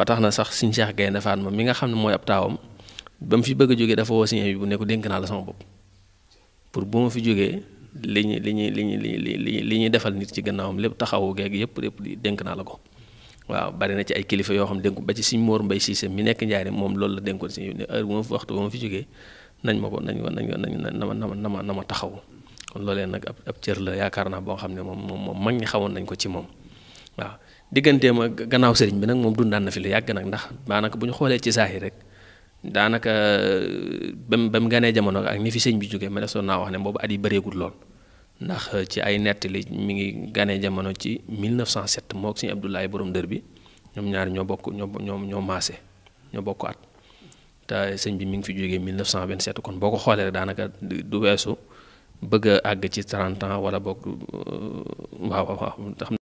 ba tax na sax Sëriñ Seex Gaynde Fatma mi nga xam ne mooy ab taawam ba mu fi bëgg a jógee dafa woo Sëriñ bi bu nekk ko dénk naa la sama bopp pour bu ma fi jógee li ñu li ñu li ñu li li ñuy defal nit ci gannaawam lépp taxawu geeg yëpp yëpp di dénk naa la ko waaw bari na ci ay kilifa yoo xam dénk ba ci Sëriñ Mor Mbay Siise mi nekk Njaaréem moom loolu la dénkoon si ne heure bu ma fi waxtu bu ma fi jógee nañ ma ko nañ ko nañ ko na ma na ma na ma na ma taxawu kon loolee nag ab ab cër la yaakaar naa boo xam ne moom moom moom mag ñi xawoon nañ ko ci moom waaw digganteem a gannaaw sëriñ bi nag moom dundaan na fi lu yàgg nag ndax daanaka bu ñu xoolee ci saaxi rek daanaka ba mu ba mu ganee jamono ak ni fi sëñ bi jógee ma desoon naa wax ne boobu at yi lool ndax ci ay nettali mi ngi ganee jamono ci 1907 moog sëñ Abdoulaye borom dër bi ñoom ñoo bokk ñoo ñoo ñoo maase ñoo bokk at te sëñ bi mi ngi fi jógee 1927 kon boo ko xoolee rek daanaka du weesu bëgg a àgg ci 30 ans wala bokk euh, waaw waaw